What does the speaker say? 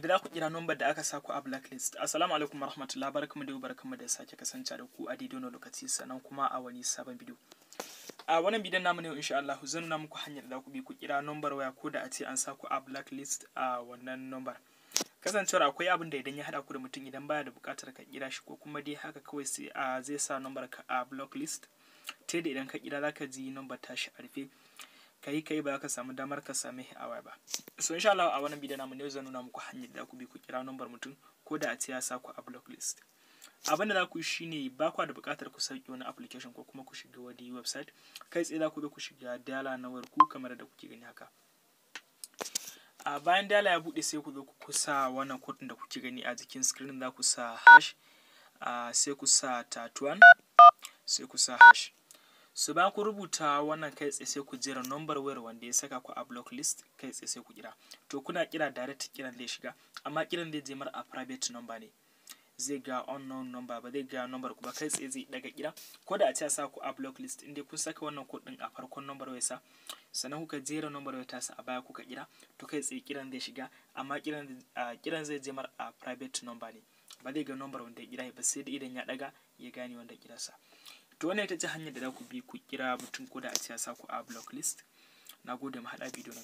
da za ku kira nomba da aka saku a blacklist assalamu alaikum warahmatullahi barkamu da barkamu da sake kasance da ku a daidai lokaci sannan kuma a wani sabon bidiyo a wannan bidiyon namu ne insha Allah zan nuna muku hanyar da ku bi ku kira nombar waya ko da a ce an saku a blacklist a wannan nombar kasancewar akwai abin da idan ya hada ku da mutum idan baya da bukatar ka kira shi ko kuma dai haka kawai sai a zai sa nombar ka a blacklist ta da idan ka kira zaka ji nombar tashi a rufe kai kai ba ka samu damar ka same waya ba so insha Allah a wannan bidiyo namu ne zan nuna muku hanyar da ku bi ku kira number mutum ko da a ce sa ku a block list abin da za ku yi shine ba ku da buƙatar ku sauke wani application ko kuma ku shiga wani website kai tsaye za ku zo ku shiga dala na wayar kamar da kuke gani haka a bayan dala ya bude sai ku zo ku kusa wannan kotun da kuke gani a jikin screen za ku sa hash sai ku sa tatuan sai ku sa hash su ba ku rubuta wannan kai tsaye sai ku jira number wayar wanda ya saka ku a block list kai tsaye sai ku kira to kuna kira direct kiran zai shiga amma kiran zai je mar a private number ne zai ga unknown number ba zai ga number ku ba kai tsaye zai daga kira ko da a ce sa ku a block list inda kun saka wannan code din a farkon number wayar sa sannan kuka jera number wayar tasa a baya kuka kira to kai tsaye kiran zai shiga amma kiran kiran zai je mar a private number ne ba zai ga number wanda ya kira ba sai da idan ya daga ya gane wanda kirarsa to wannan ita ce hanyar da za ku bi ku kira mutum ko da a ce ku a block list na gode mu haɗa bidiyo na